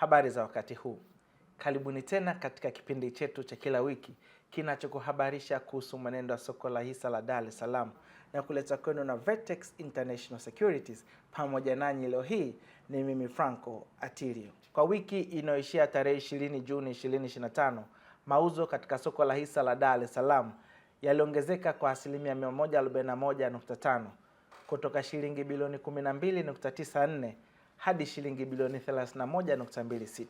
Habari za wakati huu, karibuni tena katika kipindi chetu cha kila wiki kinachokuhabarisha kuhusu mwenendo wa soko la hisa la Dar es Salaam na kuleta kwenu na Vertex International Securities. Pamoja nanyi leo hii ni mimi Franco Atirio. Kwa wiki inayoishia tarehe 20 Juni 2025, mauzo katika soko la hisa la Dar es Salaam yaliongezeka kwa asilimia 141.5 kutoka shilingi bilioni 12.94 hadi shilingi bilioni 31.26.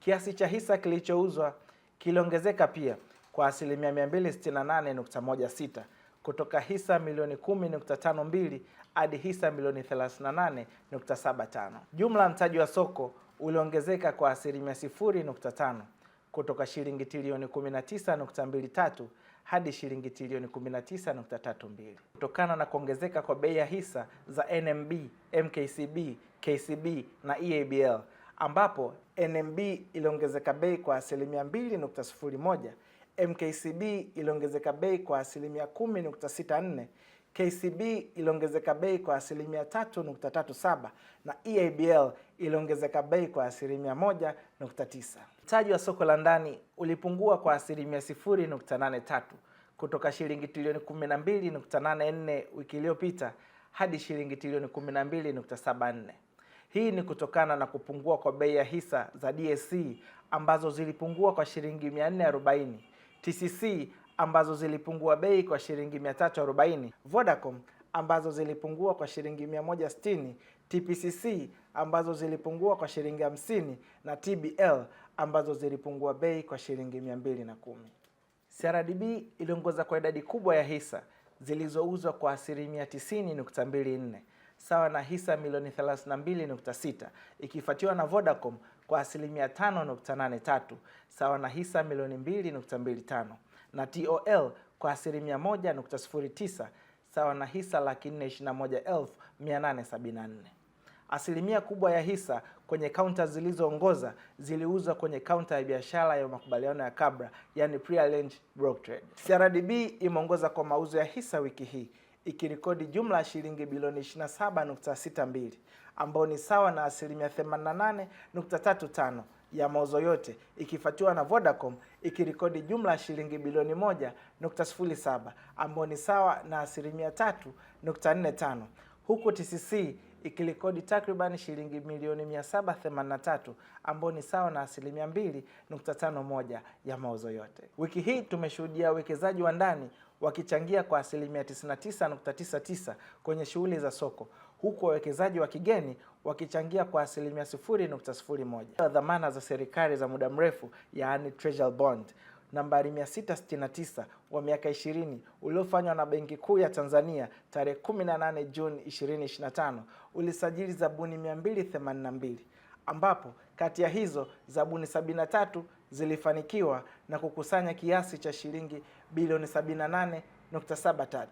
Kiasi cha hisa kilichouzwa kiliongezeka pia kwa asilimia 268.16 kutoka hisa milioni 10.52 hadi hisa milioni 38.75. Jumla mtaji wa soko uliongezeka kwa asilimia 0.5 kutoka shilingi trilioni 19.23 hadi shilingi trilioni 19.32 kutokana na kuongezeka kwa bei ya hisa za NMB, MKCB, KCB na EABL ambapo NMB iliongezeka bei kwa asilimia 2.01, MKCB iliongezeka bei kwa asilimia 10.64, KCB iliongezeka bei kwa asilimia 3.37 na EABL iliongezeka bei kwa asilimia 1.9. Mtaji wa soko la ndani ulipungua kwa asilimia 0.83 kutoka shilingi trilioni 12.84 wiki iliyopita hadi shilingi trilioni 12.74. Hii ni kutokana na kupungua kwa bei ya hisa za DSC ambazo zilipungua kwa shilingi 440, TCC ambazo zilipungua bei kwa shilingi 340, Vodacom ambazo zilipungua kwa shilingi 160, TPCC ambazo zilipungua kwa shilingi 50 na TBL ambazo zilipungua bei kwa shilingi mia mbili na kumi. CRDB iliongoza kwa idadi kubwa ya hisa zilizouzwa kwa asilimia 90.24 sawa na hisa milioni 32.6 ikifuatiwa na Vodacom kwa asilimia 5.83 sawa na hisa milioni 2.25 na TOL kwa asilimia 1.09 sawa na hisa laki 421874 Asilimia kubwa ya hisa kwenye kaunta zilizoongoza ziliuzwa kwenye kaunta ya biashara ya makubaliano ya kabra yani pre-arranged block trade. CRDB imeongoza kwa mauzo ya hisa wiki hii ikirekodi jumla ya shilingi bilioni 27.62 ambayo ni sawa na asilimia 88.35 ya mauzo yote ikifuatiwa na Vodacom ikirekodi jumla ya shilingi bilioni 1.07 ambayo ni sawa na asilimia 3.45 huku TCC ikirekodi takriban shilingi milioni 783 ambao ni sawa na asilimia 2.51 ya mauzo yote. Wiki hii tumeshuhudia wawekezaji wa ndani wakichangia kwa asilimia 99.99 kwenye shughuli za soko huku wawekezaji wa kigeni wakichangia kwa asilimia 0.01. Dhamana za serikali za muda mrefu, yaani treasury bond nambari 669 wa miaka 20 uliofanywa na Benki Kuu ya Tanzania tarehe 18 Juni 2025 ulisajili zabuni 282 ambapo kati ya hizo zabuni 73 zilifanikiwa na kukusanya kiasi cha shilingi bilioni 78.73.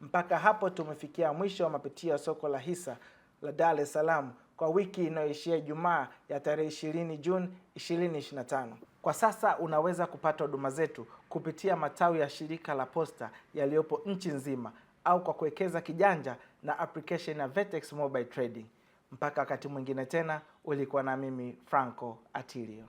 Mpaka hapo tumefikia mwisho wa mapitio ya soko la hisa la Dar es Salaam kwa wiki inayoishia Ijumaa ya tarehe 20 Juni 2025. Kwa sasa unaweza kupata huduma zetu kupitia matawi ya shirika la posta yaliyopo nchi nzima au kwa kuwekeza kijanja na application ya Vertex Mobile Trading. Mpaka wakati mwingine tena, ulikuwa na mimi Franco Atilio.